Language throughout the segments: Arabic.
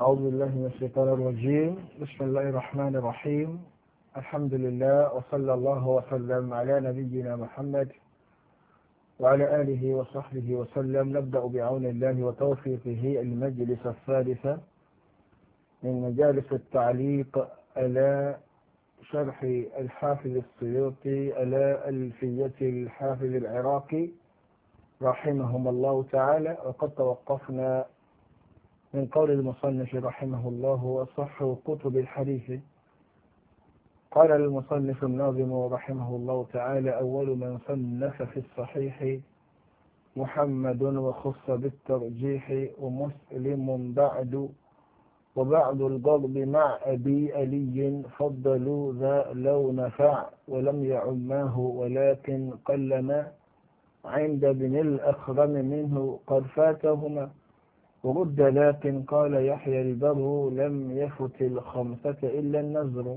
أعوذ بالله من الشيطان الرجيم بسم الله الرحمن الرحيم الحمد لله وصلى الله وسلم على نبينا محمد وعلى آله وصحبه وسلم نبدأ بعون الله وتوفيقه المجلس الثالث من مجالس التعليق على شرح الحافظ السيوطي على ألفية الحافظ العراقي رحمهم الله تعالى وقد توقفنا من قول المصنف رحمه الله وصح كتب الحديث قال المصنف الناظم رحمه الله تعالى أول من صنف في الصحيح محمد وخص بالترجيح ومسلم بعد وبعد الغضب مع أبي ألي فضلوا ذا لو نفع ولم يعماه ولكن قلما عند ابن الأخرم منه قد فاتهما ورد لكن قال يحيى البر لم يفت الخمسة إلا النزر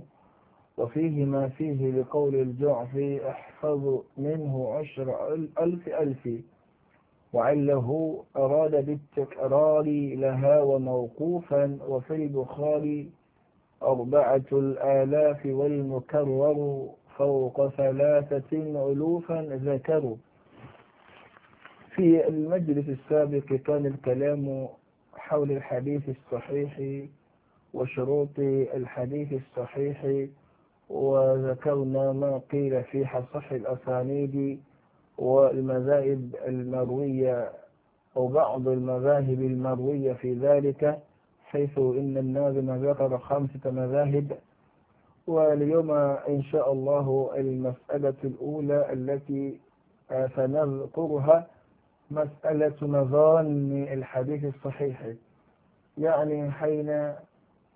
وفيه ما فيه لقول الجعفي احفظ منه عشر ألف ألف وعله أراد بالتكرار لها وموقوفا وفي البخاري أربعة الآلاف والمكرر فوق ثلاثة ألوفا ذكروا في المجلس السابق كان الكلام حول الحديث الصحيح وشروط الحديث الصحيح وذكرنا ما قيل في حصح الأسانيد والمذاهب المروية أو بعض المذاهب المروية في ذلك حيث إن الناظم ذكر خمسة مذاهب واليوم إن شاء الله المسألة الأولى التي سنذكرها مسألة مظان الحديث الصحيح يعني حين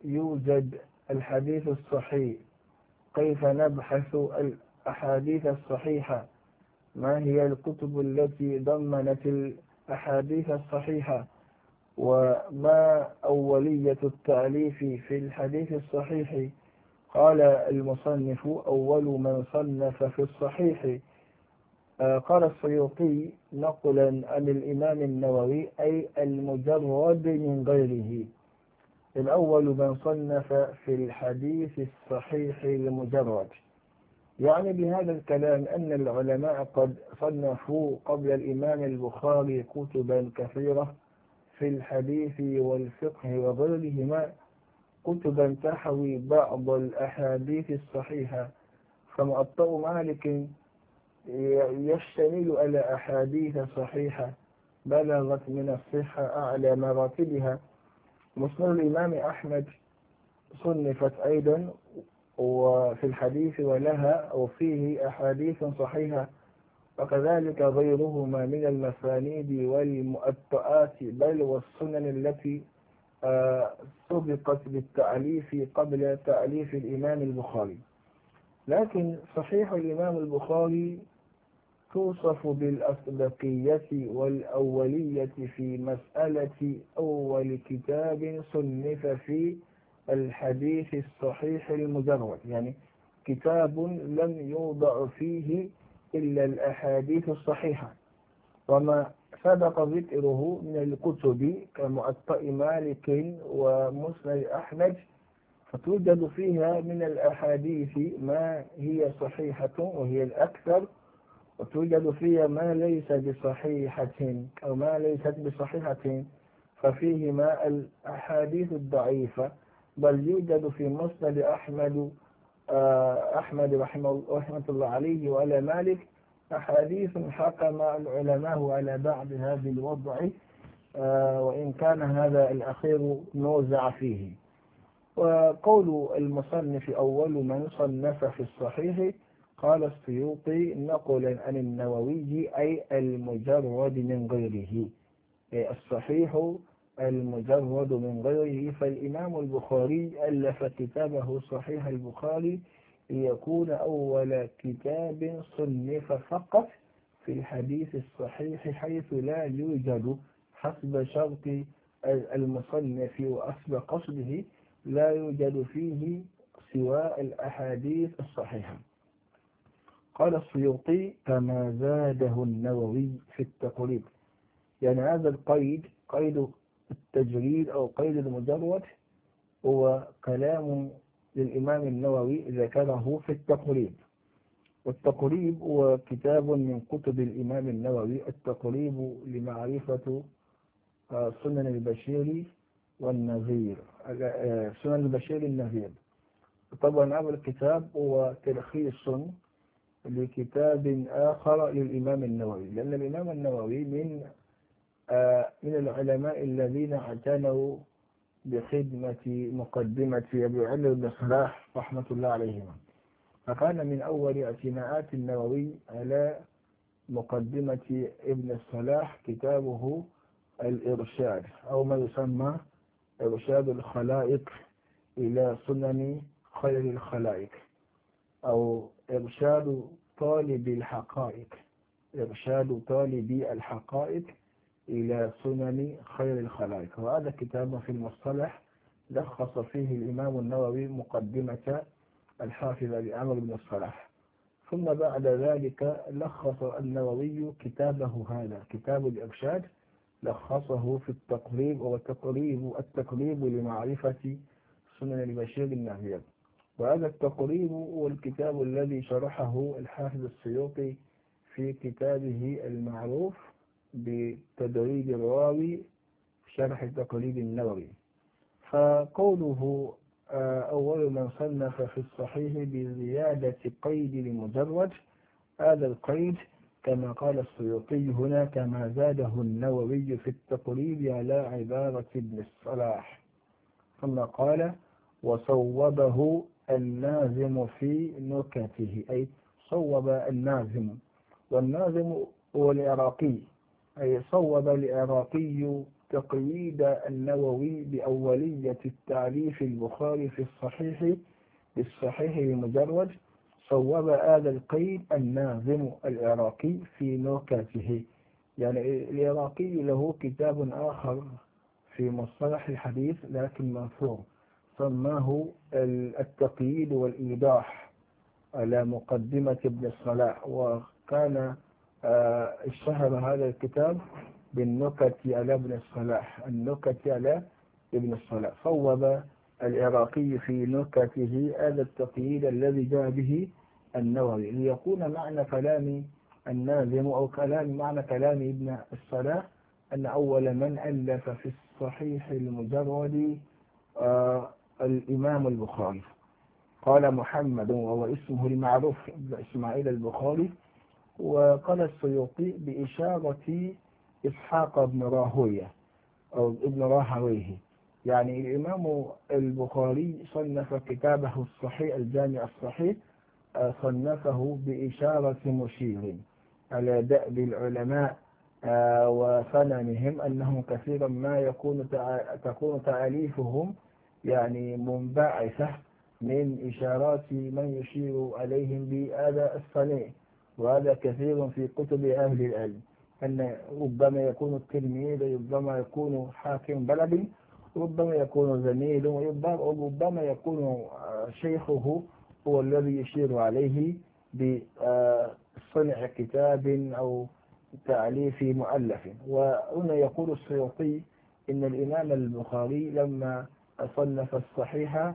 يوجد الحديث الصحيح كيف نبحث الأحاديث الصحيحة ما هي الكتب التي ضمنت الأحاديث الصحيحة وما أولية التأليف في الحديث الصحيح قال المصنف أول من صنف في الصحيح آه، قال السيوطي نقلا عن الإمام النووي أي المجرد من غيره الأول من صنف في الحديث الصحيح المجرد يعني بهذا الكلام أن العلماء قد صنفوا قبل الإمام البخاري كتبا كثيرة في الحديث والفقه وغيرهما كتبا تحوي بعض الأحاديث الصحيحة فمؤطأ مالك يشتمل على أحاديث صحيحة بلغت من الصحة أعلى مراتبها مسند الإمام أحمد صنفت أيضا وفي الحديث ولها وفيه أحاديث صحيحة وكذلك غيرهما من المسانيد والمؤتآت بل والسنن التي آه، سبقت بالتعليف قبل تعليف الإمام البخاري لكن صحيح الإمام البخاري توصف بالأسبقية والأولية في مسألة أول كتاب صنف في الحديث الصحيح المجرد يعني كتاب لم يوضع فيه إلا الأحاديث الصحيحة وما سبق ذكره من الكتب كمؤطأ مالك ومسند أحمد فتوجد فيها من الأحاديث ما هي صحيحة وهي الأكثر وتوجد فيها ما ليس بصحيحة أو ما ليست بصحيحة ففيهما الأحاديث الضعيفة بل يوجد في مسند أحمد آه، أحمد رحمة الله عليه وعلى مالك أحاديث حكم العلماء على بعض هذا الوضع آه، وإن كان هذا الأخير نوزع فيه وقول المصنف أول من صنف في الصحيح قال السيوطي نقلا عن النووي أي المجرد من غيره أي الصحيح المجرد من غيره فالإمام البخاري ألف كتابه صحيح البخاري ليكون أول كتاب صنف فقط في الحديث الصحيح حيث لا يوجد حسب شرط المصنف وحسب قصده لا يوجد فيه سوى الأحاديث الصحيحة قال السيوطي فما زاده النووي في التقريب يعني هذا القيد قيد التجريد أو قيد المجرد هو كلام للإمام النووي ذكره في التقريب والتقريب هو كتاب من كتب الإمام النووي التقريب لمعرفة آه، سنن البشير والنذير آه، آه، سنن البشير النذير طبعا هذا الكتاب هو تلخيص لكتاب آخر للإمام النووي لأن الإمام النووي من آه، من العلماء الذين اعتنوا بخدمة مقدمة أبي علي بن صلاح رحمة الله عليهما فكان من أول اعتناءات النووي على مقدمة ابن الصلاح كتابه الإرشاد أو ما يسمى إرشاد الخلائق إلى سنن خير الخلائق أو إرشاد طالب الحقائق إرشاد طالبي الحقائق إلى سنن خير الخلائق وهذا كتاب في المصطلح لخص فيه الإمام النووي مقدمة الحافظ لعمر بن الصلاح ثم بعد ذلك لخص النووي كتابه هذا كتاب الإرشاد لخصه في التقريب والتقريب التقريب لمعرفة سنن البشير النهيب وهذا التقريب هو الكتاب الذي شرحه الحافظ السيوطي في كتابه المعروف بتدريب الراوي شرح تقريب النووي فقوله آه، أول من صنف في الصحيح بزيادة قيد لمجرد هذا القيد كما قال السيوطي هنا كما زاده النووي في التقريب على عبارة ابن الصلاح ثم قال وصوبه اللازم في نكته أي صوب النازم والنازم هو العراقي أي صوب العراقي تقييد النووي بأولية التعريف البخاري في الصحيح بالصحيح المجرد صوب هذا القيد الناظم العراقي في نكته يعني العراقي له كتاب آخر في مصطلح الحديث لكن منثور سماه التقييد والإيضاح على مقدمة ابن الصلاح وكان آه، اشتهر هذا الكتاب بالنكت على ابن الصلاح النكت على ابن الصلاح فوض العراقي في نكته هذا التقييد الذي جاء به النووي ليكون معنى كلام الناظم أو كلام معنى كلام ابن الصلاح أن أول من ألف في الصحيح المجرد آه، الإمام البخاري قال محمد وهو اسمه المعروف إسماعيل البخاري وقال السيوطي بإشارة إسحاق بن راهوية أو ابن راهويه يعني الإمام البخاري صنف كتابه الصحيح الجامع الصحيح آه، صنفه بإشارة مشير على دأب العلماء آه، وصنمهم أنهم كثيرا ما يكون تكون تعاليفهم يعني منبعثة من إشارات من يشير عليهم بهذا الصنيع وهذا كثير في كتب أهل العلم أن ربما يكون التلميذ ربما يكون حاكم بلد ربما يكون زميل ربما يكون شيخه هو الذي يشير عليه بصنع كتاب أو تعليف مؤلف وهنا يقول السيوطي إن الإمام البخاري لما صنف الصحيح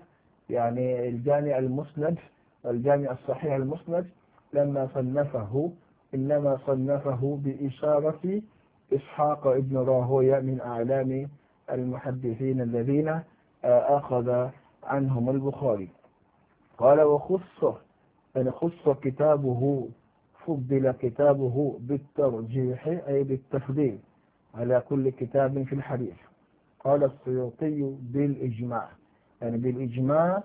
يعني الجامع المسند الجامع الصحيح المسند لما صنفه إنما صنفه بإشارة إسحاق ابن راهوية من أعلام المحدثين الذين آه، أخذ عنهم البخاري قال وخصه أن يعني خص كتابه فضل كتابه بالترجيح أي بالتفضيل على كل كتاب في الحديث قال السيوطي بالإجماع يعني بالإجماع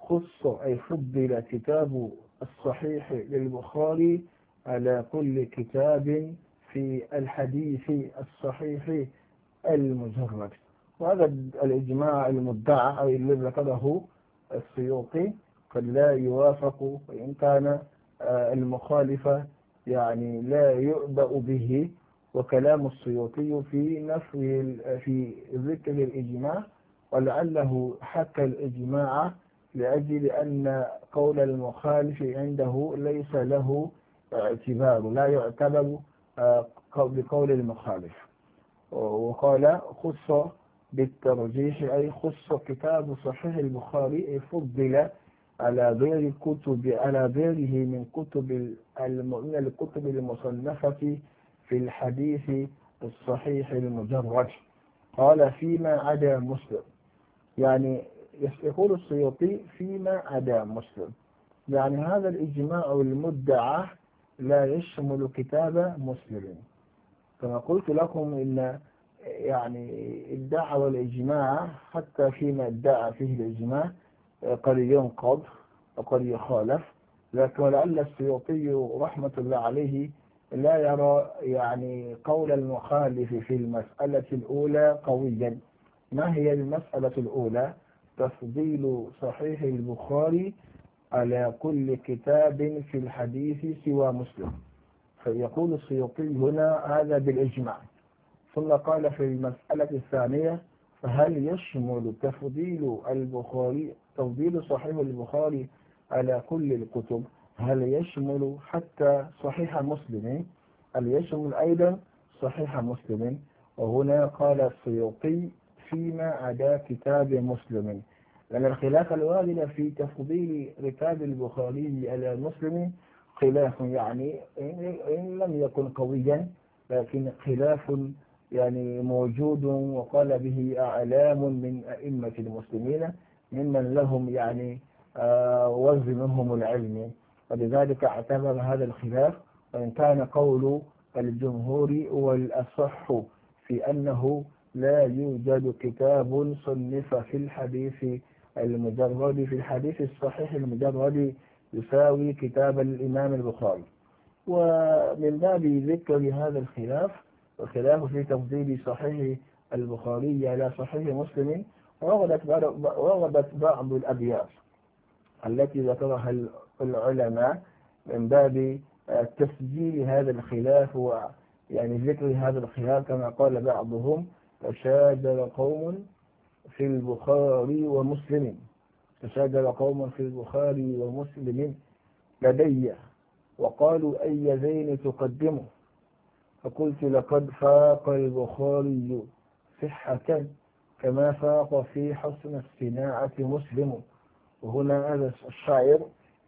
خص أي فضل كتاب الصحيح للبخاري على كل كتاب في الحديث الصحيح المجرد وهذا الإجماع المدعى أو الذي ذكره السيوطي قد لا يوافق وإن كان آه، المخالفة يعني لا يؤبأ به وكلام السيوطي في نفي في ذكر الإجماع ولعله حكى الإجماع لأجل أن قول المخالف عنده ليس له اعتبار لا يعتبر آه، بقول المخالف وقال خص بالترجيح أي خص كتاب صحيح البخاري فضل على غير كتب على غيره من كتب من الكتب المصنفة في الحديث الصحيح المجرد قال فيما عدا مسلم يعني يقول السيوطي فيما عدا مسلم يعني هذا الإجماع المدعى لا يشمل كتاب مسلم كما قلت لكم إن يعني ادعى الإجماع حتى فيما ادعى فيه الإجماع قد ينقض وقد يخالف لكن لعل السيوطي رحمة الله عليه لا يرى يعني قول المخالف في المسألة الأولى قويا ما هي المسألة الأولى تفضيل صحيح البخاري على كل كتاب في الحديث سوى مسلم فيقول السيوطي هنا هذا بالإجماع ثم قال في المسألة الثانية فهل يشمل تفضيل البخاري تفضيل صحيح البخاري على كل الكتب هل يشمل حتى صحيح مسلم هل يشمل أيضا صحيح مسلم وهنا قال السيوطي فيما عدا كتاب مسلم لأن الخلاف الوارد في تفضيل ركاب البخاري على مسلم خلاف يعني إن لم يكن قويا لكن خلاف يعني موجود وقال به أعلام من أئمة المسلمين ممن لهم يعني آه، وزنهم العلم ولذلك اعتبر هذا الخلاف وإن كان قول الجمهور والأصح في أنه لا يوجد كتاب صنف في الحديث المجرد في الحديث الصحيح المجرد يساوي كتاب الإمام البخاري ومن باب ذكر هذا الخلاف الخلاف في تفضيل صحيح البخاري على صحيح مسلم وردت بعض الأبيات التي ذكرها العلماء من باب آه، تسجيل هذا الخلاف ويعني ذكر هذا الخلاف كما قال بعضهم تشاجر قوم في البخاري ومسلم تشاجر قوم في البخاري ومسلم لدي وقالوا أي زين تقدمه فقلت لقد فاق البخاري صحة كما فاق في حسن الصناعة مسلم وهنا هذا الشاعر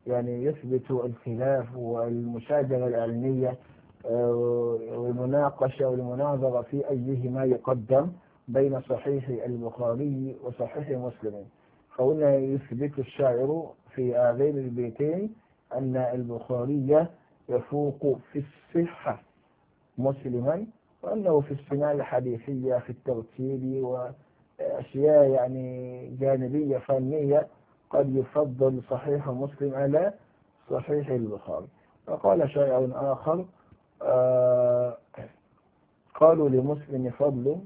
يعني يثبت الخلاف والمشاجرة العلمية آه، والمناقشة والمناظرة في أيهما يقدم بين صحيح البخاري وصحيح مسلم فهنا يثبت الشاعر في هذين البيتين أن البخاري يفوق في الصحة مسلما وأنه في السنة الحديثية في الترتيب وأشياء يعني جانبية فنية قد يفضل صحيح مسلم على صحيح البخاري وقال شيء آخر آه، قالوا لمسلم فضل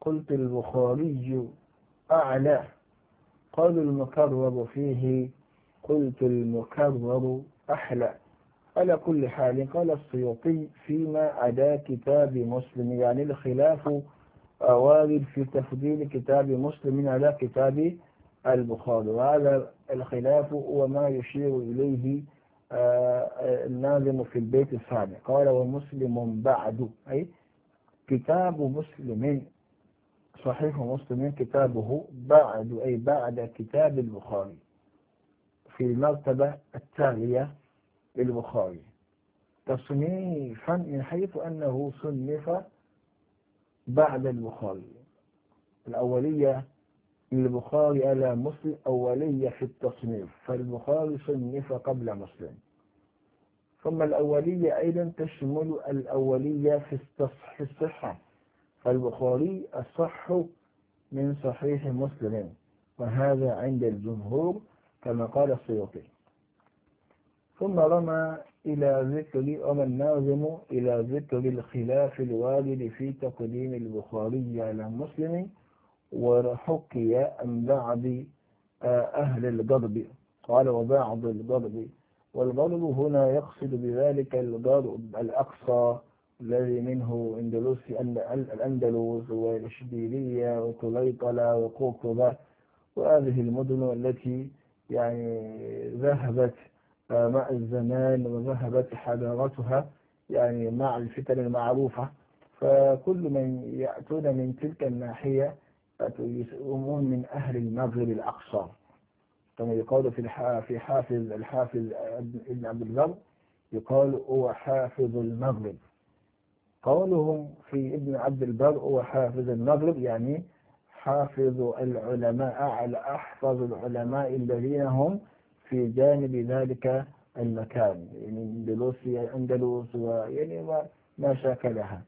قلت البخاري أعلى قالوا المكرر فيه قلت المكرر أحلى على كل حال قال السيوطي فيما عدا كتاب مسلم يعني الخلاف أوارد في تفضيل كتاب مسلم على كتاب البخاري وهذا الخلاف هو ما يشير إليه آه، آه، الناظم في البيت السابع قال ومسلم بعد أي كتاب مسلم صحيح مسلم كتابه بعد أي بعد كتاب البخاري في المرتبة التالية للبخاري تصنيفا من حيث أنه صنف بعد البخاري الأولية البخاري على مسلم أولية في التصنيف فالبخاري صنف قبل مسلم ثم الأولية أيضا تشمل الأولية في الصحة فالبخاري أصح من صحيح مسلم وهذا عند الجمهور كما قال السيوطي ثم رمى إلى ذكر أم الناظم إلى ذكر الخلاف الوارد في تقديم البخاري على مسلم وحكي عن بعض آه، أهل الجرب قال وبعض الجرب والجرب هنا يقصد بذلك الجرب الأقصى الذي منه اندلسي الأندلس والإشبيلية وطليطلة وقرطبة وهذه المدن التي يعني ذهبت آه، مع الزمان وذهبت حضارتها يعني مع الفتن المعروفة فكل من يأتون من تلك الناحية أمم من أهل المغرب الأقصى كما يقال في في حافظ الحافظ ابن عبد البر يقال هو حافظ المغرب قولهم في ابن عبد البر هو حافظ المغرب يعني حافظ العلماء على أحفظ العلماء الذين هم في جانب ذلك المكان يعني اندلسيا اندلس ويعني ما شاكلها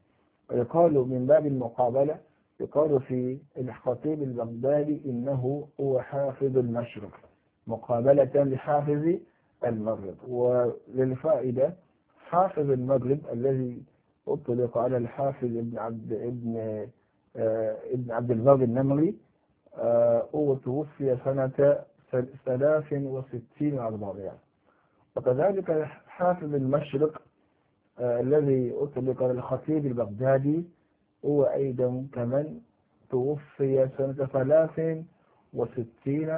ويقال من باب المقابلة يقال في الخطيب البغدادي إنه هو حافظ المشرق مقابلة لحافظ المغرب وللفائدة حافظ المغرب الذي أطلق على الحافظ ابن عبد ابن آه، ابن عبد البر النمري آه، هو توفي سنة ثلاث وستين وأربعمائة وكذلك حافظ المشرق آه، الذي أطلق على الخطيب البغدادي هو أيضا كمن توفي سنة ثلاث وستين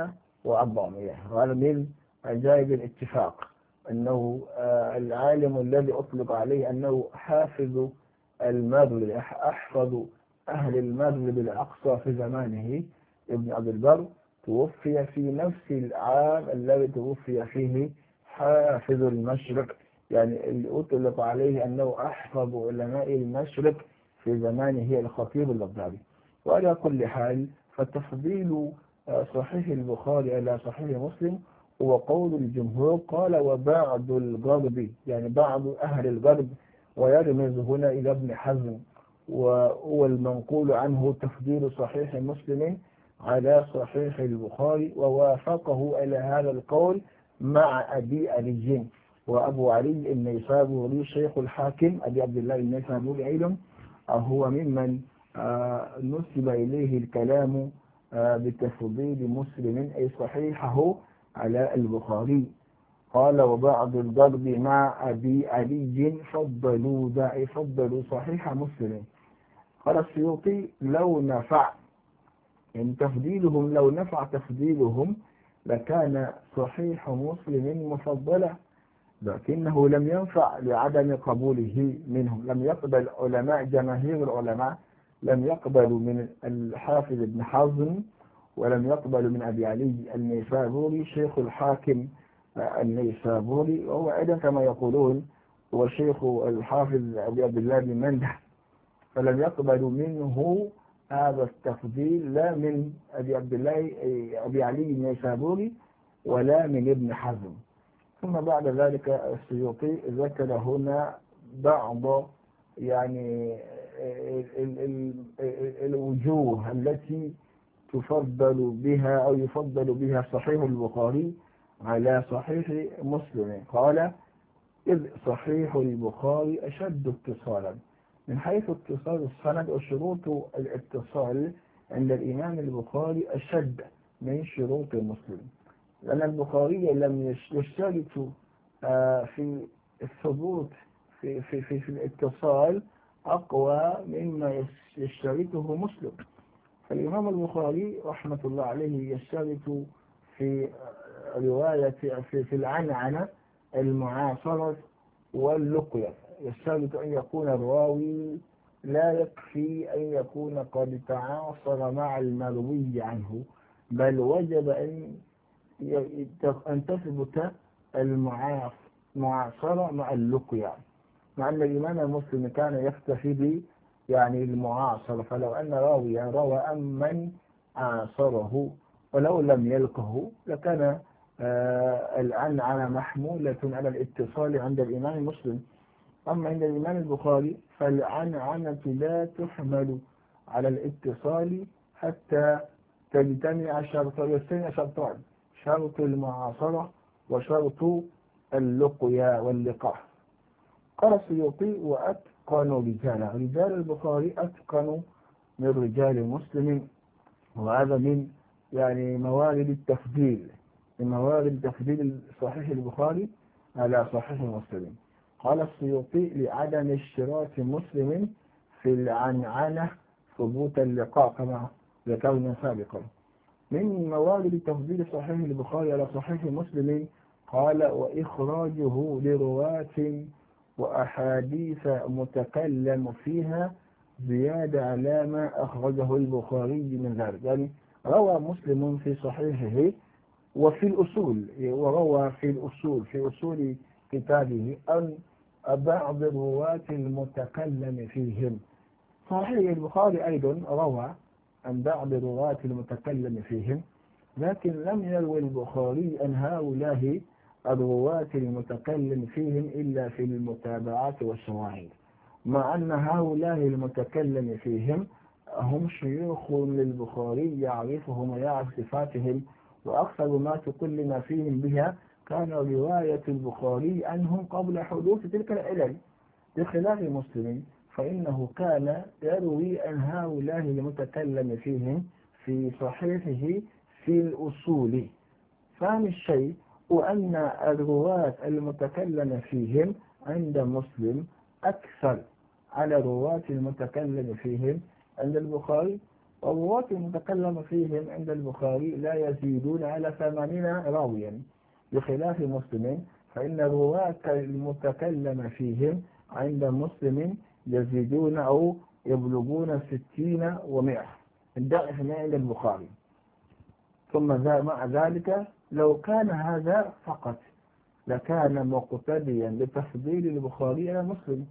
وأربعمية هذا من عجائب الاتفاق أنه آه، العالم الذي أطلق عليه أنه حافظ المغرب أحفظ أهل المغرب الأقصى في زمانه ابن عبد البر توفي في نفس العام الذي توفي فيه حافظ المشرق يعني اللي أطلق عليه أنه أحفظ علماء المشرق في زمانه هي الخطيب البغدادي وعلى كل حال فتفضيل آه، صحيح البخاري على صحيح مسلم هو قول الجمهور قال وبعض الغرب يعني بعض أهل الغرب ويرمز هنا إلى ابن حزم وهو المنقول عنه تفضيل صحيح مسلم على صحيح البخاري ووافقه على هذا القول مع أبي علي وأبو علي النيسابوري شيخ الحاكم أبي عبد الله النيسابوري علم هو ممن آه، نسب إليه الكلام آه، بتفضيل مسلم أي صحيحه على البخاري قال وبعض الضرب مع أبي علي فضلوا داعي فضلوا صحيح مسلم قال السيوطي لو نفع يعني تفضيلهم لو نفع تفضيلهم لكان صحيح مسلم مفضلا لكنه لم ينفع لعدم قبوله منهم لم يقبل علماء جماهير العلماء لم يقبلوا من الحافظ ابن حزم ولم يقبلوا من أبي علي النيسابوري شيخ الحاكم النيسابوري وهو أيضا كما يقولون هو شيخ الحافظ أبي عبد الله بن منده فلم يقبلوا منه هذا التفضيل لا من أبي عبد الله أبي علي النيسابوري ولا من ابن حزم ثم بعد ذلك السيوطي ذكر هنا بعض يعني الوجوه التي تفضل بها أو يفضل بها صحيح البخاري على صحيح مسلم قال إذ صحيح البخاري أشد اتصالا من حيث اتصال السند وشروط الاتصال عند الإمام البخاري أشد من شروط مسلم لأن البخاري لم يشترط آه، في الثبوت في, في, في, في الاتصال أقوى مما يشترطه مسلم فالإمام البخاري رحمة الله عليه يشترط في آه، رواية في, في العنعنة المعاصرة واللقية يشترط أن يكون الراوي لا يكفي أن يكون قد تعاصر مع المروي عنه بل وجب أن أن تثبت المعاصرة مع اللقيا يعني مع أن الإمام المسلم كان يكتفي ب يعني المعاصرة فلو أن راويا روى عن من عاصره ولو لم يلقه لكان آه، الآن على محمولة على الاتصال عند الإمام مسلم أما عند الإمام البخاري فالعنعنة لا تحمل على الاتصال حتى تجتمع شرطين شرطان شرط المعاصرة وشرط اللقيا واللقاء قال السيوطي وأتقنوا رجالا رجال البخاري أتقنوا من رجال مسلم وهذا من يعني موارد التفضيل من موارد تفضيل صحيح البخاري على صحيح مسلم قال السيوطي لعدم اشتراك مسلم في العنعنة ثبوت اللقاء كما ذكرنا سابقا من موارد تفضيل صحيح البخاري على صحيح مسلم قال وإخراجه لرواة وأحاديث متكلم فيها زيادة على ما أخرجه البخاري من ذلك يعني روى مسلم في صحيحه وفي الأصول وروى في الأصول في أصول كتابه أن بعض الرواة المتكلم فيهم صحيح البخاري أيضا روى عن بعض رواة المتكلم فيهم لكن لم يروي البخاري عن هؤلاء الرواة المتكلم فيهم إلا في المتابعات والشواهد مع أن هؤلاء المتكلم فيهم هم شيوخ للبخاري يعرفهم ويعرف صفاتهم وأكثر ما تكلم فيهم بها كان رواية البخاري عنهم قبل حدوث تلك العلل بخلاف المسلمين فإنه كان يروي أن هؤلاء المتكلم فيهم في صحيحه في الأصول فهم الشيء وأن الرواة المتكلم فيهم عند مسلم أكثر على الرواة المتكلم فيهم عند البخاري والرواة المتكلم فيهم عند البخاري لا يزيدون على ثمانين راويا بخلاف مسلم فإن الرواة المتكلم فيهم عند مسلم يزيدون أو يبلغون ستين ومئة الداء هنا عند البخاري ثم مع ذلك لو كان هذا فقط لكان مقتديا بتفضيل البخاري على مسلم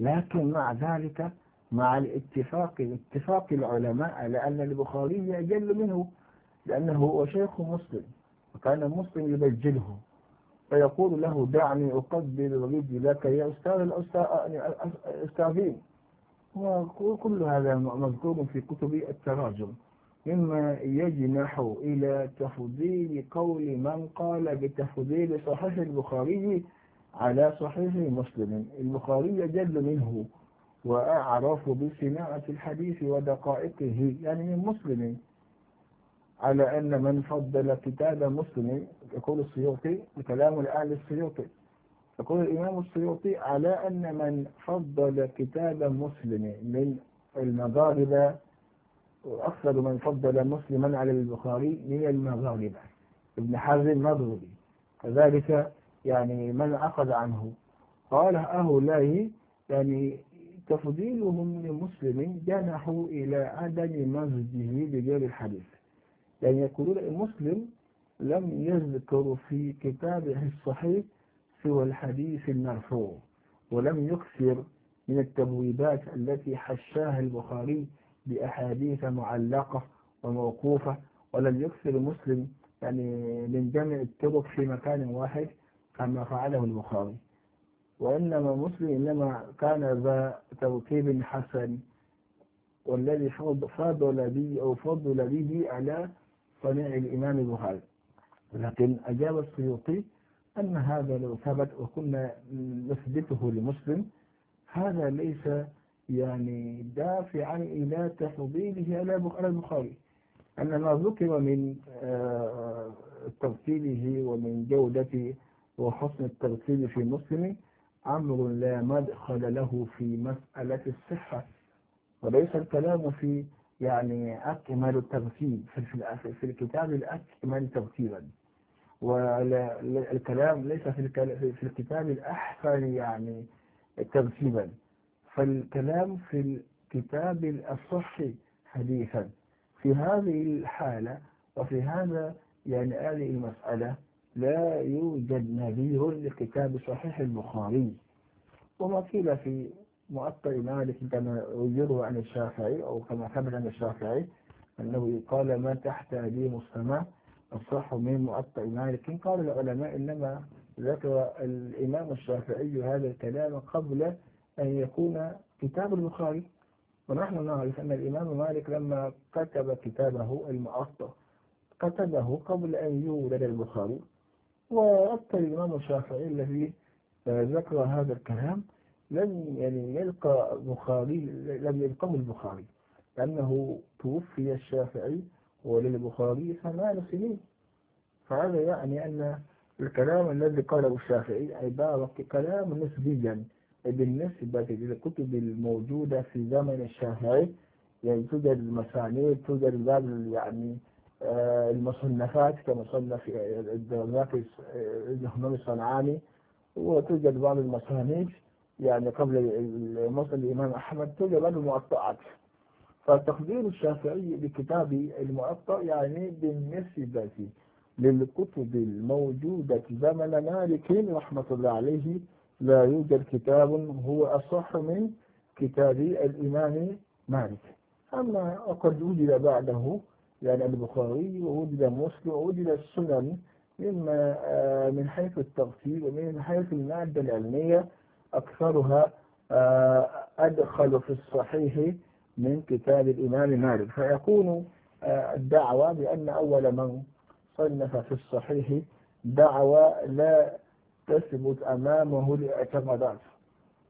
لكن مع ذلك مع الاتفاق اتفاق العلماء على أن البخاري أجل منه لأنه هو شيخ مسلم وكان مسلم يبجله فيقول له دعني أقبل لك يا أستاذ الأستاذين وكل هذا مذكور في كتب التراجم مما يجنح إلى تفضيل قول من قال بتفضيل صحيح البخاري على صحيح مسلم البخاري جل منه وأعرف بصناعة الحديث ودقائقه يعني من مسلم على أن من فضل كتاب مسلم يقول السيوطي بكلام الأهل السيوطي يقول الإمام السيوطي على أن من فضل كتاب مسلم من المغاربة وأكثر من فضل مسلما على البخاري من المغاربة ابن حزم المغربي كذلك يعني من أخذ عنه قال هؤلاء يعني تفضيلهم لمسلم جنحوا إلى عدم مزجه بغير الحديث يعني يقولون المسلم لم يذكر في كتابه الصحيح سوى الحديث المرفوع ولم يكثر من التبويبات التي حشاها البخاري بأحاديث معلقة وموقوفة ولم يكثر مسلم يعني من جمع الطرق في مكان واحد كما فعله البخاري وإنما مسلم إنما كان ذا توكيب حسن والذي فضل به أو فضل به على صنيع الإمام البخاري لكن أجاب السيوطي أن هذا لو ثبت وكنا نثبته لمسلم هذا ليس يعني دافعا إلى تفضيله على البخاري أن ما ذكر من آه، ترتيله ومن جودة وحسن الترتيب في مسلم أمر لا مدخل له في مسألة الصحة وليس الكلام في يعني أكمل الترتيب في الكتاب الأكمل ترتيبا والكلام ليس في في الكتاب الأحسن يعني ترتيبا فالكلام في الكتاب الأصح حديثا في هذه الحالة وفي هذا يعني هذه المسألة لا يوجد نذير لكتاب صحيح البخاري وما قيل في مؤطر مالك كما يروى عن الشافعي أو كما ثبت عن الشافعي أنه قال ما تحت أبي مستمع الصح من مؤطر مالك قال العلماء إنما ذكر الإمام الشافعي هذا الكلام قبل أن يكون كتاب البخاري ونحن نعرف أن الإمام مالك لما كتب كتابه المؤطر كتبه قبل أن يولد البخاري وأتى الإمام الشافعي الذي ذكر هذا الكلام لم يعني يلقى البخاري لم يلقم البخاري لأنه توفي الشافعي وللبخاري ثمان سنين فهذا يعني أن الكلام الذي قاله الشافعي عبارة كلام نسبيا بالنسبة للكتب الموجودة في زمن الشافعي يعني توجد المسانيد توجد بعض يعني آه، المصنفات كمصنف آه، الدرزاقي آه، الحمام الصنعاني وتوجد بعض المسانيد يعني قبل مصر الإمام أحمد توجد له المؤطأات فتقدير الشافعي لكتاب المؤطأ يعني بالنسبة للكتب الموجودة زمن مالك رحمة الله عليه لا يوجد كتاب هو أصح من كتاب الإمام مالك أما قد وجد بعده يعني البخاري ووجد مسلم ووجد السنن مما آه، من حيث التغسيل ومن حيث المادة العلمية أكثرها آه، أدخل في الصحيح من كتاب الإمام مالك فيكون آه، الدعوة بأن أول من صنف في الصحيح دعوة لا تثبت أمامه الاعتمادات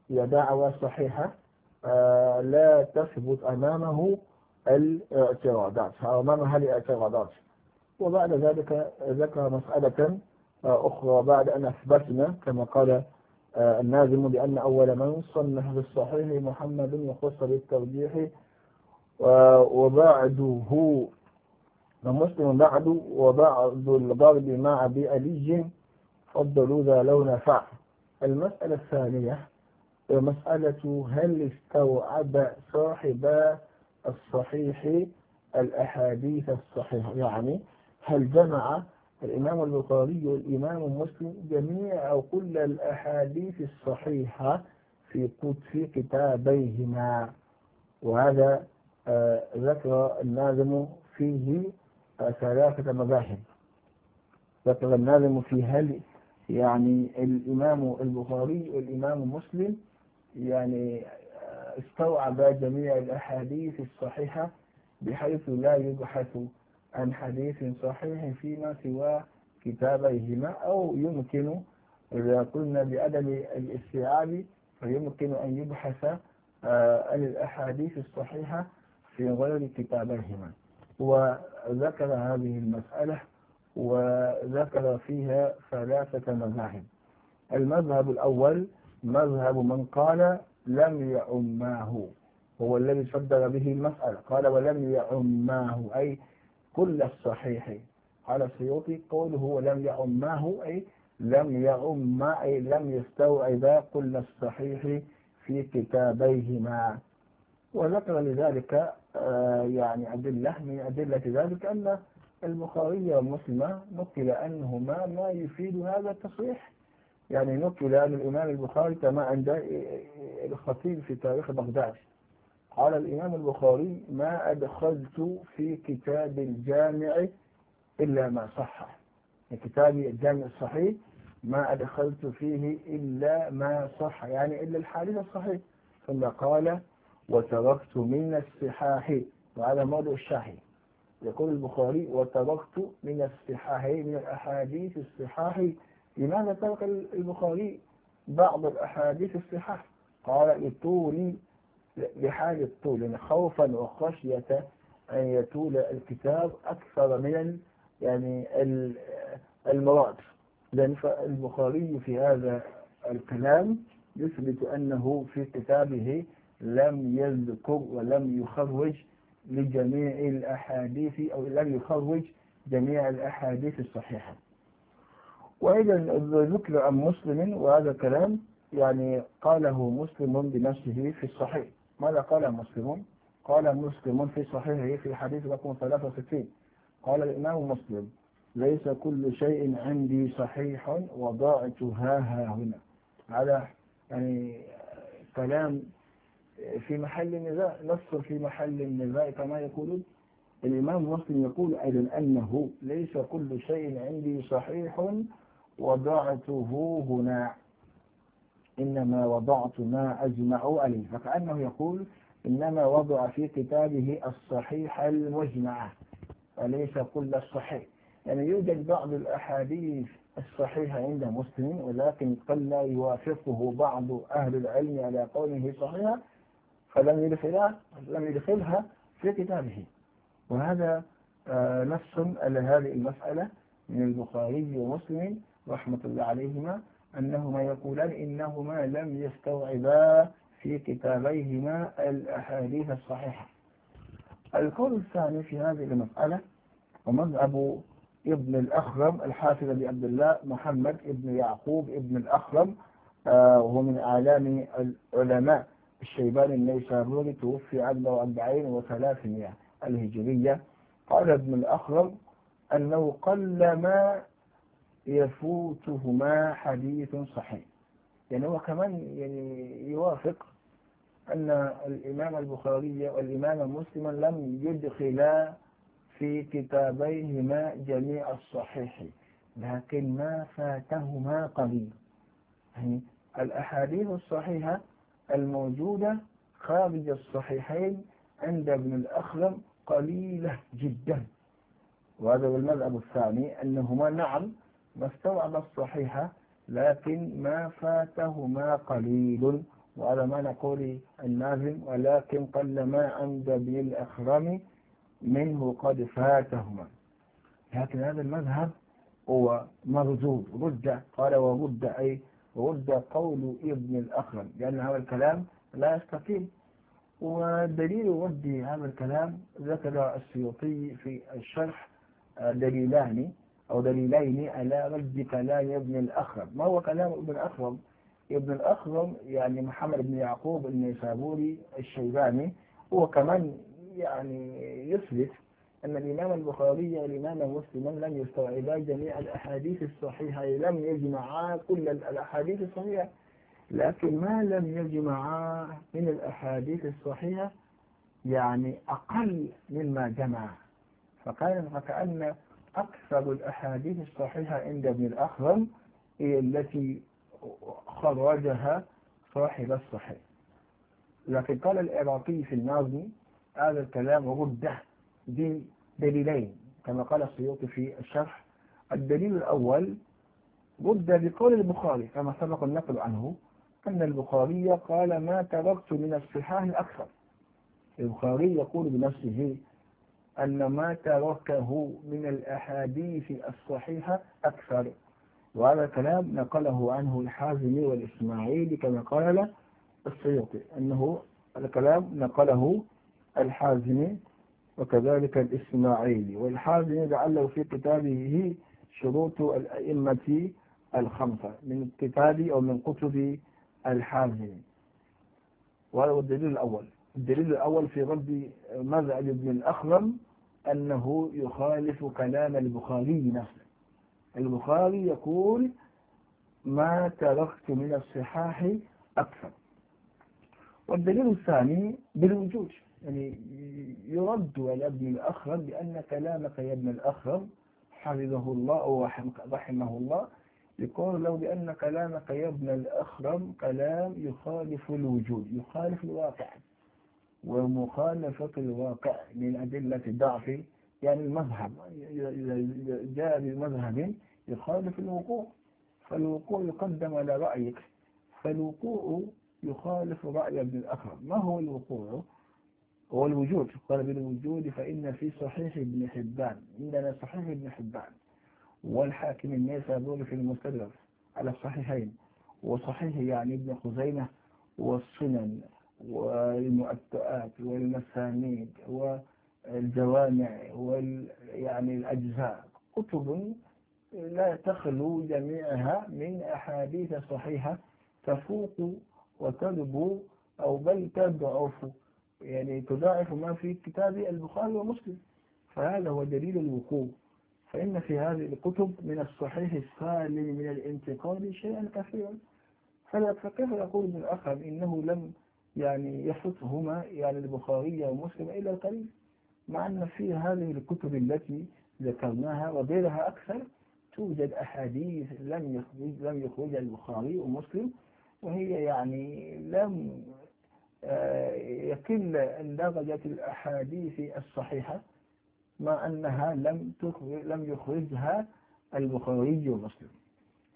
هي دعوة صحيحة آه، لا تثبت أمامه الاعتراضات أمامها الاعتراضات وبعد ذلك ذكر مسألة أخرى بعد أن أثبتنا كما قال آه، النازم بأن أول من صنف بالصحيح محمد وخص بالترجيح وبعده ومسلم بعد وبعض الضرب مع بألي فضلوا ذا لو نفع المسألة الثانية مسألة هل استوعب صاحب الصحيح الأحاديث الصحيحة يعني هل جمع الإمام البخاري والإمام مسلم جميع أو كل الأحاديث الصحيحة في في كتابيهما وهذا آه، ذكر الناظم فيه آه، ثلاثة مذاهب ذكر الناظم في هل يعني الإمام البخاري والإمام مسلم يعني آه، استوعب جميع الأحاديث الصحيحة بحيث لا يبحث عن حديث صحيح فيما سوى كتابيهما أو يمكن إذا قلنا بعدم الاستيعاب فيمكن أن يبحث آه، عن الأحاديث الصحيحة في غير كتابيهما وذكر هذه المسألة وذكر فيها ثلاثة مذاهب المذهب الأول مذهب من قال لم يعماه هو الذي صدر به المسألة قال ولم يعماه أي كل الصحيح على السيوطي قوله ولم يعمه أي لم يعم أي لم يستوعب كل الصحيح في كتابيهما وذكر لذلك آه، يعني أدلة من أدلة ذلك أن البخاري ومسلم نقل أنهما ما يفيد هذا التصريح يعني نقل عن الإمام البخاري كما عند الخطيب في تاريخ بغداد قال الإمام البخاري ما أدخلت في كتاب الجامع إلا ما صح يعني كتاب الجامع الصحيح ما أدخلت فيه إلا ما صح يعني إلا الحديث الصحيح ثم قال وتركت من الصحاح وهذا موضع الشاحي يقول البخاري وتركت من الصحاح من الأحاديث الصحاح لماذا ترك البخاري بعض الأحاديث الصحاح قال لطول لحال الطول يعني خوفا وخشية أن يطول الكتاب أكثر من يعني المراد لأن البخاري في هذا الكلام يثبت أنه في كتابه لم يذكر ولم يخرج لجميع الأحاديث أو لم يخرج جميع الأحاديث الصحيحة وإذا ذكر عن مسلم وهذا كلام يعني قاله مسلم بنفسه في الصحيح ماذا قال مسلم قال مسلم في صحيحه في حديث رقم 63 قال الإمام مسلم ليس كل شيء عندي صحيح وضاعتها ها هنا هذا يعني كلام في محل النزاع نص في محل النزاع كما يقولون الإمام مسلم يقول أيضا أنه ليس كل شيء عندي صحيح وضعته هنا إنما وضعت ما أجمع عليه فكأنه يقول إنما وضع في كتابه الصحيح المجمع وليس كل الصحيح يعني يوجد بعض الأحاديث الصحيحة عند مسلم ولكن قد لا يوافقه بعض أهل العلم على قوله صحيحة فلم يدخلها لم يدخلها في كتابه وهذا آه، نفس على هذه المسألة من البخاري ومسلم رحمة الله عليهما أنهما يقولان إنهما لم يستوعبا في كتابيهما الأحاديث الصحيحة القول الثاني في هذه المسألة ومذهب ابن الأخرم الحافظ لعبد عبد الله محمد ابن يعقوب ابن الأخرم آه، وهو من أعلام العلماء الشيباني النيسابوري توفي عام 300 الهجرية قال ابن الأخرم أنه قل ما يفوتهما حديث صحيح يعني هو كمان يعني يوافق أن الإمام البخاري والإمام مسلم لم يدخلا في كتابيهما جميع الصحيح لكن ما فاتهما قليل يعني الأحاديث الصحيحة الموجودة خارج الصحيحين عند ابن الأخرم قليلة جدا وهذا هو المذهب الثاني أنهما نعم ما استوعب الصحيحة لكن ما فاتهما قليل وهذا ما نقول النازم ولكن قل ما عند بالأخرم منه قد فاتهما لكن هذا المذهب هو مردود رد قال ورد أي رد قول ابن الأخرم لأن هذا الكلام لا يستقيم ودليل رد هذا الكلام ذكر السيوطي في الشرح آه، دليلان أو دليلين على رد كلام ابن الأخرم ما هو كلام ابن الأخرم ابن الأخرم يعني محمد بن يعقوب النيسابوري الشيباني هو كمان يعني يثبت أن الإمام البخاري والإمام مسلم لم يستوعبا جميع الأحاديث الصحيحة لم يجمعا كل الأحاديث الصحيحة لكن ما لم يجمعا من الأحاديث الصحيحة يعني أقل مما جمع فكان فكأن أكثر الأحاديث الصحيحة عند ابن الأخرم هي التي خرجها صاحب الصحيح لكن قال العراقي في الناظم هذا الكلام رده بدليلين كما قال السيوطي في الشرح الدليل الأول رد بقول البخاري كما سبق النقل عنه أن البخاري قال ما تركت من الصحاح أكثر البخاري يقول بنفسه أن ما تركه من الأحاديث الصحيحة أكثر وهذا كلام نقله عنه الحازمي والإسماعيلي كما قال السيوطي أنه الكلام نقله الحازمي وكذلك الإسماعيلي والحازمي لعله في كتابه شروط الأئمة الخمسة من كتاب أو من كتب الحازمي وهذا هو الدليل الأول الدليل الأول في رد مذعل ابن الأخرم أنه يخالف كلام البخاري نفسه البخاري يقول ما تركت من الصحاح أكثر والدليل الثاني بالوجود يعني يرد على ابن الأخرم بأن كلامك يا ابن الأخرم حفظه الله أو رحمه الله يقول لو بأن كلامك يا ابن الأخرم كلام يخالف الوجود يخالف الواقع ومخالفة الواقع من أدلة ضعف يعني المذهب جاء بمذهب يخالف الوقوع فالوقوع يقدم على رأيك فالوقوع يخالف رأي ابن الأخرم ما هو الوقوع؟ هو الوجود قال بالوجود فإن في صحيح ابن حبان عندنا صحيح ابن حبان والحاكم الناس هذول في المستدرك على الصحيحين وصحيح يعني ابن خزيمة والسنن والمؤتؤات والمسانيد والجوامع وال يعني الأجزاء كتب لا تخلو جميعها من أحاديث صحيحة تفوق وتلبو أو بل تضعف يعني تضاعف ما في كتاب البخاري ومسلم فهذا هو دليل الوقوع فإن في هذه الكتب من الصحيح السالم من الانتقاد شيئا كثيرا فكيف يقول ابن أخب إنه لم يعني يفوتهما يعني البخاري ومسلم إلى القليل مع أن في هذه الكتب التي ذكرناها وغيرها أكثر توجد أحاديث لم يخرج لم يخرجها البخاري ومسلم وهي يعني لم آه، يقل درجة الأحاديث الصحيحة مع أنها لم تخرج لم يخرجها البخاري ومسلم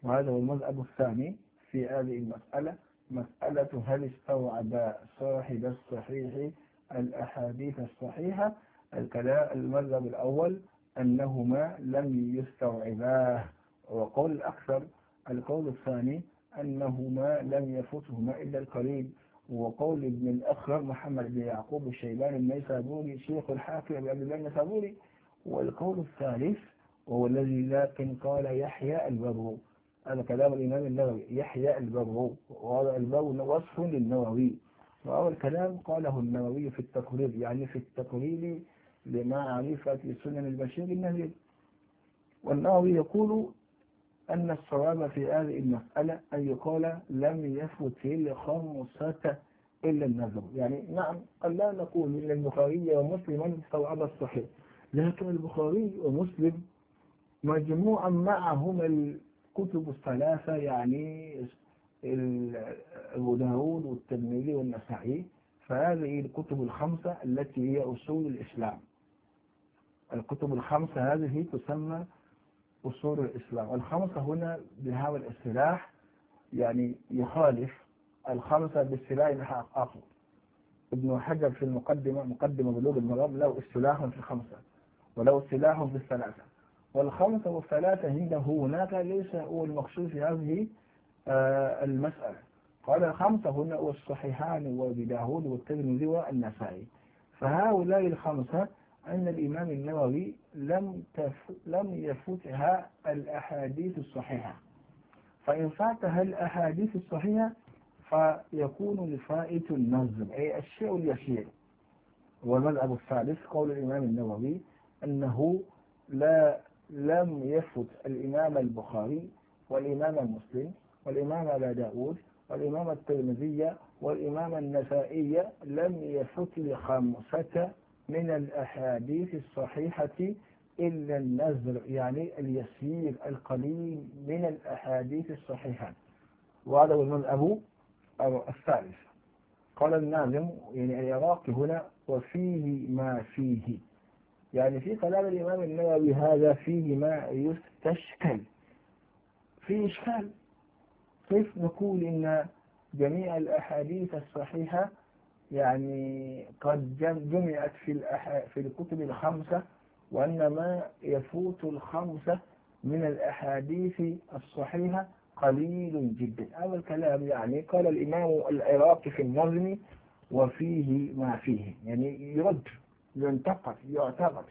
وهذا هو المذهب الثاني في هذه المسألة مسألة هل استوعب صاحب الصحيح الأحاديث الصحيحة الكلام المذهب الأول أنهما لم يستوعباه وقول الأكثر القول الثاني أنهما لم يفوتهما إلا القريب وقول ابن الأخر محمد بن يعقوب الشيباني النيسابوري شيخ الحافظ بن عبد الله النيسابوري والقول الثالث وهو الذي لكن قال يحيى البرو هذا كلام الإمام النووي يحيى البرو وهذا البرو وصف للنووي وهو الكلام قاله النووي في التقريب يعني في التقريب لمعرفة سنن البشير النبي والنووي يقول أن الصواب في هذه المسألة أن يقال لم في الخمسة إلا النذر يعني نعم قد لا نقول إن البخاري ومسلما استوعب الصحيح لكن البخاري ومسلم مجموعا معهما كتب الثلاثة يعني أبو داود والترمذي والنسائي فهذه الكتب الخمسة التي هي أصول الإسلام الكتب الخمسة هذه تسمى أصول الإسلام الخمسة هنا بهذا الاصطلاح يعني يخالف الخمسة بالسلاح بحق آخر ابن حجر في المقدمة مقدمة بلوغ المرام له اصطلاح في الخمسة وله اصطلاح في الثلاثة والخمسة والثلاثة هنا هناك ليس هو المقصود في هذه آه، المسألة قال الخمسة هنا والصحيحان وبداهود والترمذي والنسائي فهؤلاء الخمسة أن الإمام النووي لم تف... لم يفوتها الأحاديث الصحيحة فإن فاتها الأحاديث الصحيحة فيكون الفائت النظم أي الشيء اليسير والمذهب الثالث قول الإمام النووي أنه لا لم يفت الإمام البخاري والإمام مسلم والإمام أبا داود والإمام الترمذي والإمام النسائي لم يفت الخمسة من الأحاديث الصحيحة إلا النزر يعني اليسير القليل من الأحاديث الصحيحة وهذا هو أبو الثالث قال الناظم يعني العراقي هنا وفيه ما فيه يعني في كلام الإمام النووي هذا فيه ما يستشكل فيه إشكال كيف نقول إن جميع الأحاديث الصحيحة يعني قد جمعت في في الكتب الخمسة وأن ما يفوت الخمسة من الأحاديث الصحيحة قليل جدا هذا الكلام يعني قال الإمام العراقي في النظم وفيه ما فيه يعني يرد ينتقد يعتبر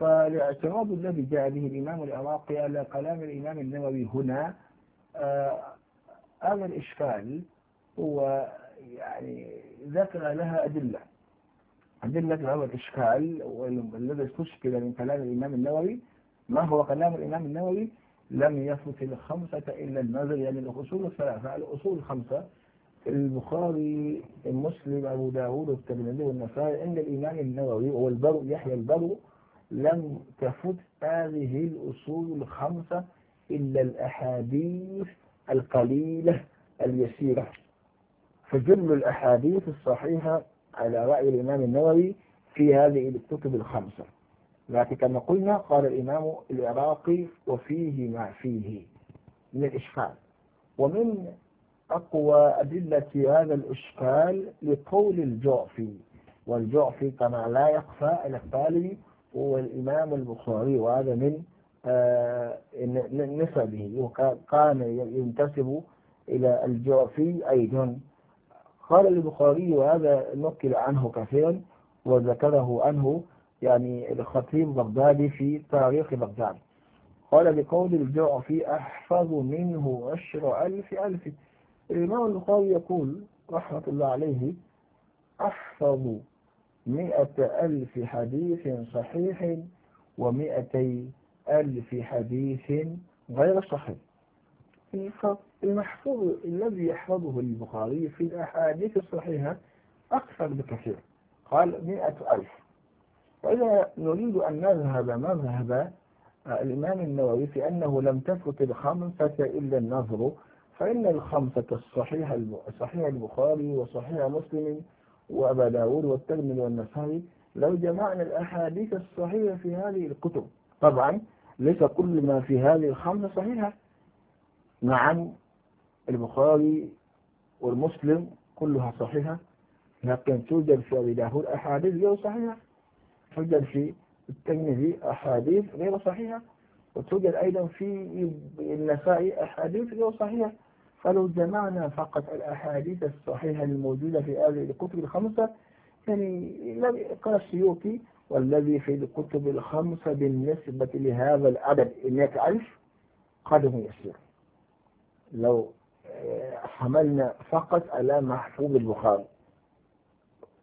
فالاعتراض الذي جاء به الإمام العراقي على كلام الإمام النووي هنا آه، هذا الإشكال هو يعني ذكر لها أدلة أدلة هذا الإشكال الذي استشكل من كلام الإمام النووي ما هو كلام الإمام النووي لم يثبت الخمسة إلا النظر يعني الأصول الثلاثة الأصول الخمسة البخاري مسلم أبو داود والترمذي والنصاري عند الإمام النووي والبر يحيى البر لم تفت هذه الأصول الخمسة إلا الأحاديث القليلة اليسيرة فجل الأحاديث الصحيحة على رأي الإمام النووي في هذه الكتب الخمسة لكن كما قلنا قال الإمام العراقي وفيه ما فيه من الإشكال ومن أقوى أدلة هذا الإشكال لقول الجعفي والجعفي كما لا يخفى على الطالب هو الإمام البخاري وهذا من آه، نسبه وكان ينتسب إلى الجعفي أيضا قال البخاري وهذا نقل عنه كثيرا وذكره عنه يعني الخطيب بغدادي في تاريخ بغداد قال بقول الجعفي أحفظ منه عشر ألف ألف الإمام البخاري يقول رحمة الله عليه أحفظ مئة ألف حديث صحيح ومئتي ألف حديث غير صحيح المحفوظ الذي يحفظه البخاري في الأحاديث الصحيحة أكثر بكثير قال مئة ألف وإذا نريد أن نذهب مذهب آه، الإمام النووي في أنه لم تفت الخمسة إلا النظر فإن الخمسة الصحيح صحيح البخاري وصحيح مسلم وأبا داود والترمذي والنسائي لو جمعنا الأحاديث الصحيحة في هذه الكتب طبعا ليس كل ما في هذه الخمسة صحيحة نعم البخاري والمسلم كلها صحيحة لكن توجد في أبي داود أحاديث غير صحيحة توجد في الترمذي أحاديث غير صحيحة وتوجد أيضا في النسائي أحاديث غير صحيحة فلو جمعنا فقط الأحاديث الصحيحة الموجودة في هذه الكتب الخمسة يعني الذي قال السيوطي والذي في الكتب الخمسة بالنسبة لهذا العدد 100 ألف قدم يسير لو آه، حملنا فقط على محفوظ البخاري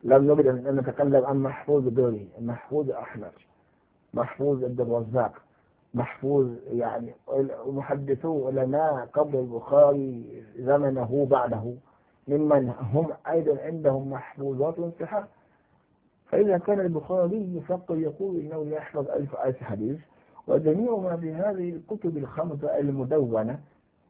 لم نجد أن نتكلم عن محفوظ دوري محفوظ أحمد محفوظ عبد الرزاق محفوظ يعني محدثو علماء قبل البخاري زمنه بعده ممن هم أيضا عندهم محفوظات صحة فإذا كان البخاري يفكر يقول إنه يحفظ ألف ألف آية حديث وجميع ما في هذه الكتب الخمسة المدونة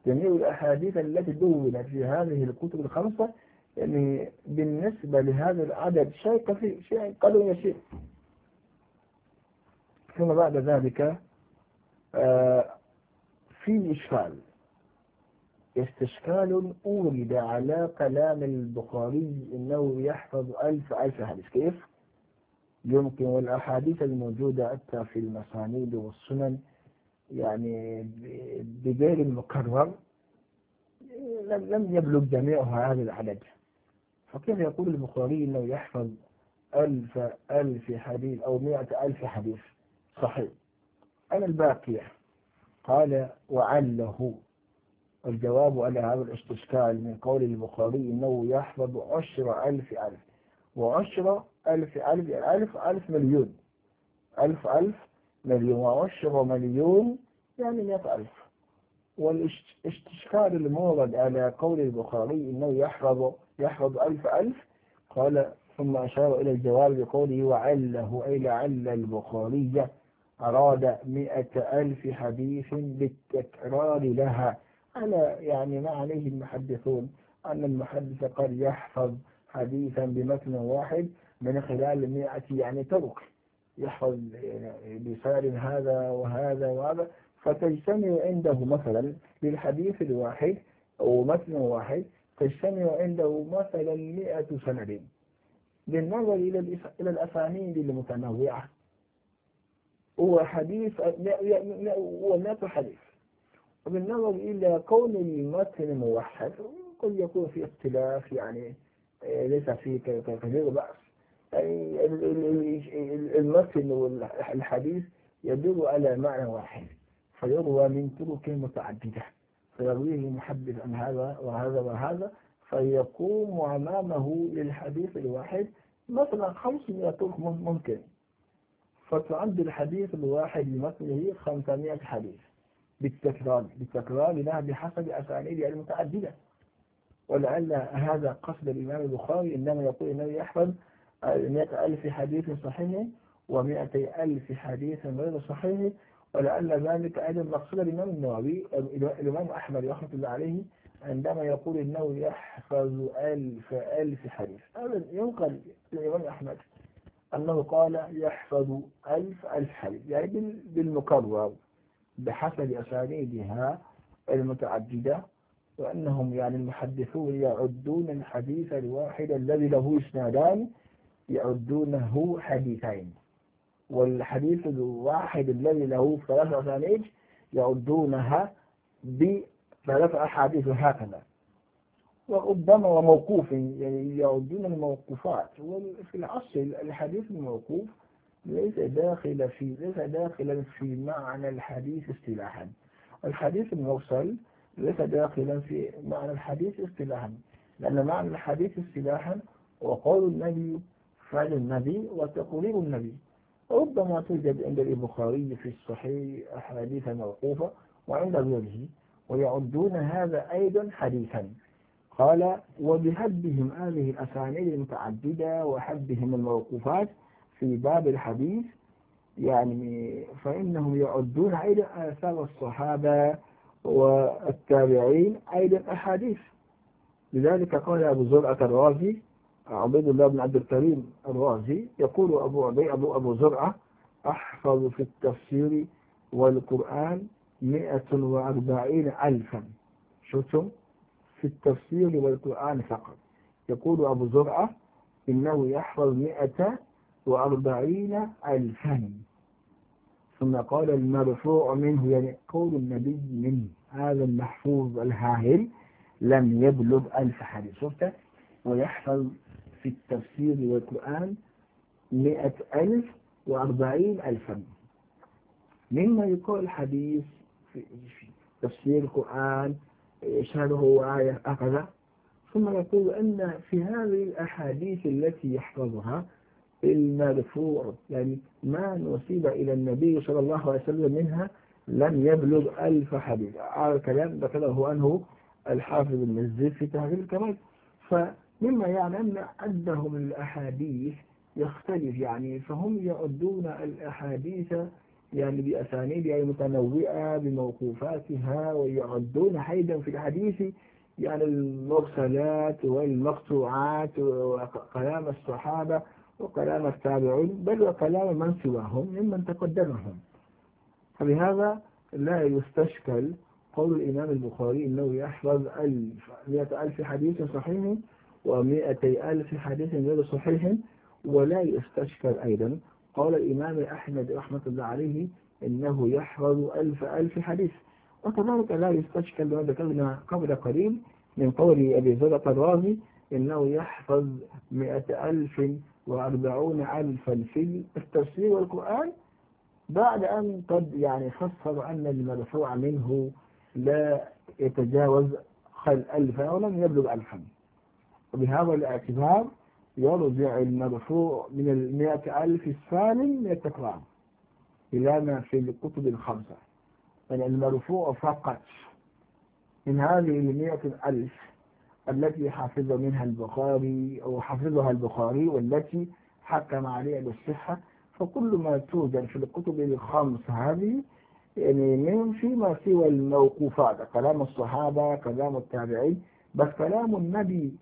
جميع الأحاديث التي دونت في هذه الكتب الخمسة يعني بالنسبة لهذا العدد شيء قليل شيء قليل شيء ثم بعد ذلك آه، في إشكال استشكال أورد على كلام البخاري أنه يحفظ ألف ألف حديث كيف؟ يمكن والأحاديث الموجودة حتى في المسانيد والسنن يعني بغير المكرر لم يبلغ جميعها هذا العدد فكيف يقول البخاري أنه يحفظ ألف ألف حديث أو مئة ألف حديث صحيح أنا الباقية قال وعله الجواب على هذا الاستشكال من قول البخاري إنه يحفظ عشر ألف ألف وعشر ألف ألف ألف ألف مليون ألف ألف مليون وعشر مليون يعني مئة ألف والاستشكال المورد على قول البخاري إنه يحفظ يحفظ ألف ألف قال ثم أشار إلى الجواب بقوله وعله أي لعل البخاري أراد مئة ألف حديث بالتكرار لها على يعني ما عليه المحدثون أن المحدث قد يحفظ حديثا بمتن واحد من خلال مئة يعني طرق يحفظ بسار هذا وهذا وهذا فتجتمع عنده مثلا للحديث الواحد أو متن واحد تجتمع عنده مثلا مئة سند بالنظر إلى الأسانيد المتنوعة هو حديث لا حديث وبالنظر إلى كون الممثل موحد قد يكون في اختلاف يعني آه، ليس في كثير بأس يعني المتن الممثل والحديث يدور على معنى واحد فيروى من طرق متعددة فيرويه محدث عن هذا وهذا وهذا فيقوم أمامه للحديث الواحد مثلا 500 طرق ممكن فتعد الحديث الواحد بمثله 500 حديث بالتكرار بالتكرار لها بحسب أسانيد المتعددة يعني ولعل هذا قصد الإمام البخاري إنما يقول إنه يحفظ 100 ألف حديث صحيح و200 ألف حديث غير صحيح ولعل ذلك أيضا مقصود الإمام النووي الإمام أحمد رحمة الله عليه عندما يقول إنه يحفظ ألف ألف حديث هذا ينقل الإمام أحمد أنه قال يحفظ ألف الحلف يعني بالمكرر بحسب أسانيدها المتعددة وأنهم يعني المحدثون يعدون الحديث الواحد الذي له إسنادان يعدونه حديثين والحديث الواحد الذي له ثلاث أسانيد يعدونها بثلاث أحاديث هكذا وربما وموقوف يعني يعدون الموقوفات وفي العصر الحديث الموقوف ليس داخل في ليس داخلا في معنى الحديث اصطلاحا الحديث المرسل ليس داخلا في معنى الحديث اصطلاحا لأن معنى الحديث اصطلاحا هو قول النبي فعل النبي وتقرير النبي ربما توجد عند البخاري في الصحيح أحاديث موقوفة وعند غيره ويعدون هذا أيضا حديثا قال وبهبهم هذه الأسانيد المتعددة وحبهم الموقوفات في باب الحديث يعني فإنهم يعدون أيضا آثار الصحابة والتابعين أيضا أحاديث لذلك قال أبو زرعة الرازي عبيد الله بن عبد الكريم الرازي يقول أبو عبي أبو أبو زرعة أحفظ في التفسير والقرآن 140 ألفا شفتم في التفسير والقرآن فقط يقول أبو زرعة إنه يحفظ مئة وأربعين ألفا ثم قال المرفوع منه يعني قول النبي من هذا المحفوظ الهاهل لم يبلغ ألف حديث شفته ويحفظ في التفسير والقرآن مئة ألف وأربعين ألفا مما يقال حديث في تفسير القرآن إشهاده وآية أخذ ثم يقول أن في هذه الأحاديث التي يحفظها المرفوع يعني ما نصيب إلى النبي صلى الله عليه وسلم منها لم يبلغ ألف حديث على الكلام ذكره عنه الحافظ المزيد في تهذيب الكمال فمما يعلم يعني أنه من الأحاديث يختلف يعني فهم يعدون الأحاديث يعني بأسانيدها المتنوعة يعني بموقوفاتها ويعدون حيدا في الحديث يعني المرسلات والمقطوعات وكلام الصحابة وكلام التابعين بل وكلام من سواهم ممن تقدمهم فبهذا لا يستشكل قول الإمام البخاري أنه يحفظ ألف مئة ألف حديث صحيح ومئتي ألف حديث غير صحيح ولا يستشكل أيضا قال الإمام أحمد رحمة الله عليه إنه يحفظ ألف ألف حديث وكذلك لا يستشكل لما ذكرنا قبل قليل من قول أبي زرع الرازي إنه يحفظ مئة ألف وأربعون ألفا في التفسير والقرآن بعد أن قد يعني فسر أن المرفوع منه لا يتجاوز خل ألفا ولم يبلغ ألفا وبهذا الاعتبار يرجع المرفوع من المئة ألف السالم من التكرار إلى ما في الكتب الخمسة يعني المرفوع فقط من هذه المئة ألف التي حفظ منها البخاري أو حفظها البخاري والتي حكم عليها بالصحة فكل ما توجد في الكتب الخمس هذه يعني من فيما سوى الموقوفات كلام الصحابة كلام التابعين بس كلام النبي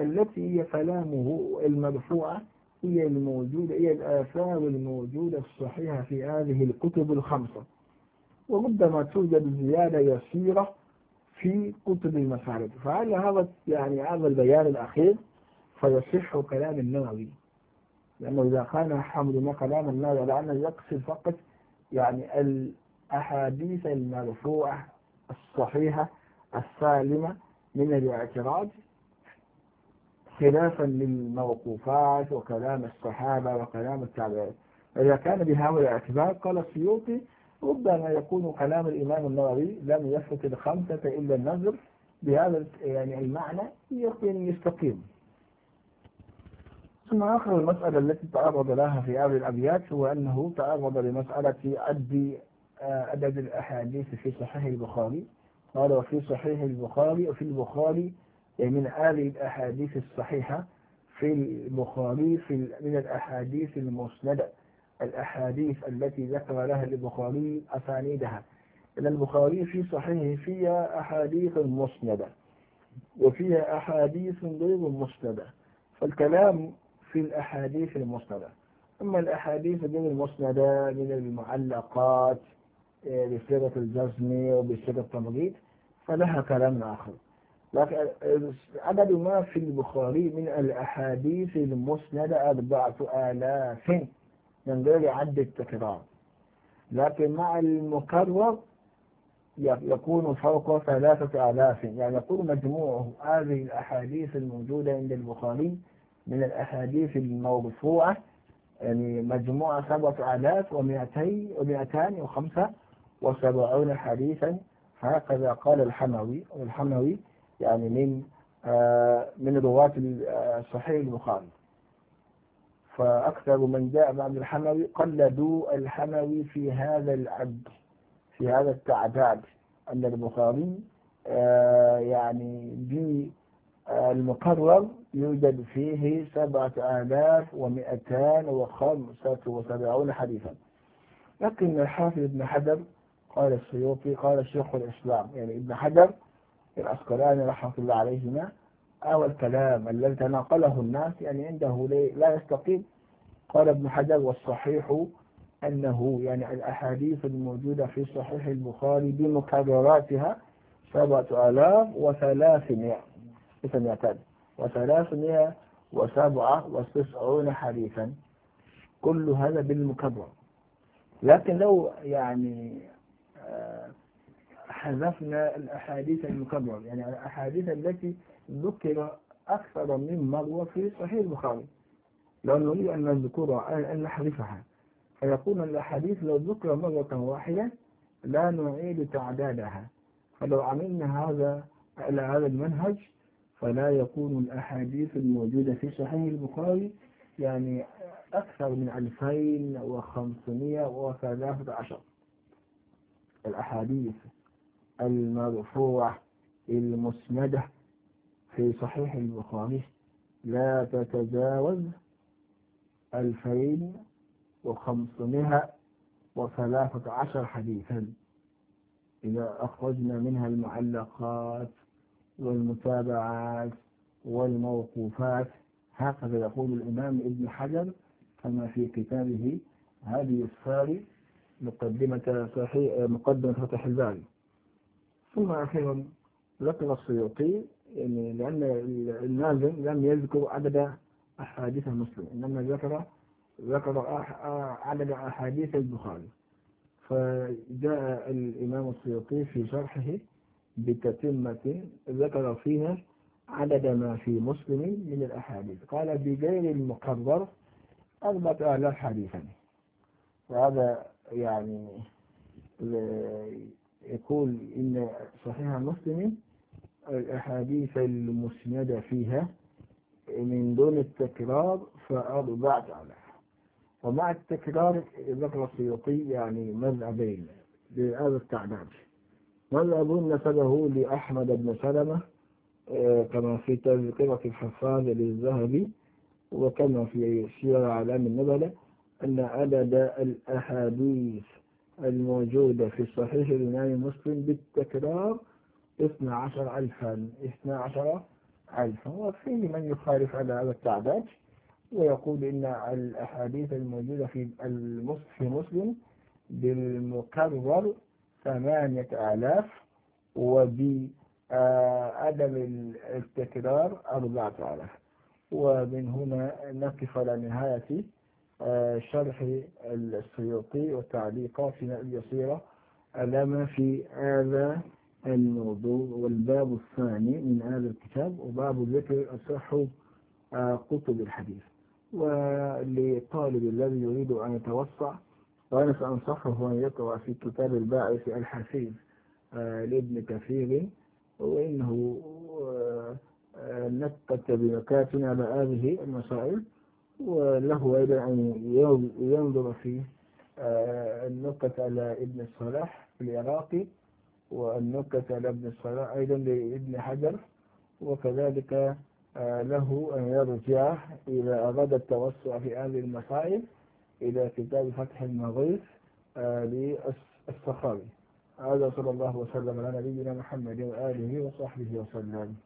التي هي كلامه المرفوعة هي الموجودة هي الآثار الموجودة الصحيحة في هذه الكتب الخمسة وربما توجد زيادة يسيرة في كتب المسارد فعلى هذا يعني هذا البيان الأخير فيصح كلام النووي لأنه إذا كان حملنا كلام النووي لأنه يقصد فقط يعني الأحاديث المرفوعة الصحيحة السالمة من الاعتراض خلافا للموقوفات وكلام الصحابة وكلام التابعين إذا كان بهذا الاعتبار قال السيوطي ربما يكون كلام الإمام النووي لم يفت الخمسة إلا النذر بهذا يعني المعنى يقين يستقيم ثم آخر المسألة التي تعرض لها في هذه الأبيات هو أنه تعرض لمسألة عد عدد آه، الأحاديث في صحيح البخاري قال وفي صحيح البخاري وفي البخاري يعني من هذه الأحاديث الصحيحة في البخاري في من الأحاديث المسندة الأحاديث التي ذكر لها البخاري أسانيدها إن البخاري في صحيحه فيها أحاديث مسندة وفيها أحاديث غير مسندة فالكلام في الأحاديث المسندة أما الأحاديث غير المسندة من المعلقات آه، بصيغة الجزم وبصيغة التمريض فلها كلام آخر عدد ما في البخاري من الأحاديث المسندة أربعة آلاف من غير عد التكرار لكن مع المكرر يكون فوق ثلاثة آلاف يعني يكون مجموع هذه الأحاديث الموجودة عند البخاري من الأحاديث الموضوعة يعني مجموعة سبعة آلاف ومئتي ومئتان وخمسة وسبعون حديثا هكذا قال الحموي والحموي يعني من آه، من رواة آه، صحيح البخاري فأكثر من جاء بعد الحموي قلدوا الحموي في هذا العد في هذا التعداد أن البخاري آه، يعني بالمقرر يوجد فيه سبعة آلاف ومئتان وخمسة وسبعون حديثا لكن الحافظ ابن حجر قال السيوطي قال شيخ الإسلام يعني ابن حجر العسقلاني رحمة الله عليهما أو الكلام الذي تناقله الناس يعني عنده لا يستقيم قال ابن حجر والصحيح أنه يعني الأحاديث الموجودة في صحيح البخاري بمكرراتها سبعة آلاف يعتاد وثلاث مئة وسبعة وتسعون حديثا كل هذا بالمكرر لكن لو يعني آه حذفنا الأحاديث المكبرة يعني الأحاديث التي ذكر أكثر من مرة في صحيح البخاري لو نريد أن نذكرها أن نحذفها فيكون الأحاديث لو ذكر مرة واحدة لا نعيد تعدادها فلو عملنا هذا على هذا المنهج فلا يكون الأحاديث الموجودة في صحيح البخاري يعني أكثر من 2500 و13 الأحاديث المرفوعة المسندة في صحيح البخاري لا تتجاوز ألفين وخمسمائة وثلاثة عشر حديثا إذا أخرجنا منها المعلقات والمتابعات والموقوفات هكذا يقول الإمام ابن حجر كما في كتابه هذه الساري مقدمة صحيح مقدمة فتح الباري ثم أخيرا ذكر السيوطي يعني لأن الناظم لم يذكر عدد أحاديث مسلم إنما ذكر ذكر عدد أحاديث البخاري فجاء الإمام السيوطي في شرحه بتتمة ذكر فيها عدد ما في مسلم من الأحاديث قال بغير المقرر أربعة آلاف حديثا وهذا يعني يقول إن صحيح مسلم الأحاديث المسندة فيها من دون التكرار فأربعة عليها ومع التكرار ذكر السيوطي يعني مذهبين لهذا التعداد مذهب نسبه لأحمد بن سلمة آه، كما في تذكرة الحفاظ للذهبي وكما في سيرة أعلام النبلة أن عدد الأحاديث الموجودة في صحيح الإمام مسلم بالتكرار 12 ألفا 12 ألفا وفي من يخالف على هذا التعداد ويقول إن الأحاديث الموجودة في المصحف مسلم بالمكرر ثمانية آلاف وبعدم التكرار أربعة آلاف ومن هنا نقف على نهاية شرح السيوطي وتعليقه في نقل ألم في هذا الموضوع والباب الثاني من هذا الكتاب وباب ذكر أصح كتب الحديث ولطالب الذي يريد أن يتوسع وأنا سأنصحه أن يقرأ في كتاب الباعث الحفيظ آه، لابن كثير وإنه آه، آه، نكت بمكاتنا على هذه المسائل وله أيضا أن ينظر في آه، النقطة على ابن الصلاح العراقي والنقطة على ابن الصلاح أيضا لابن حجر وكذلك آه، له أن يرجع إذا أراد التوسع في هذه المسائل إلى كتاب فتح المغيث آه، للصحابي هذا صلى الله وسلم على نبينا محمد وآله وصحبه وسلم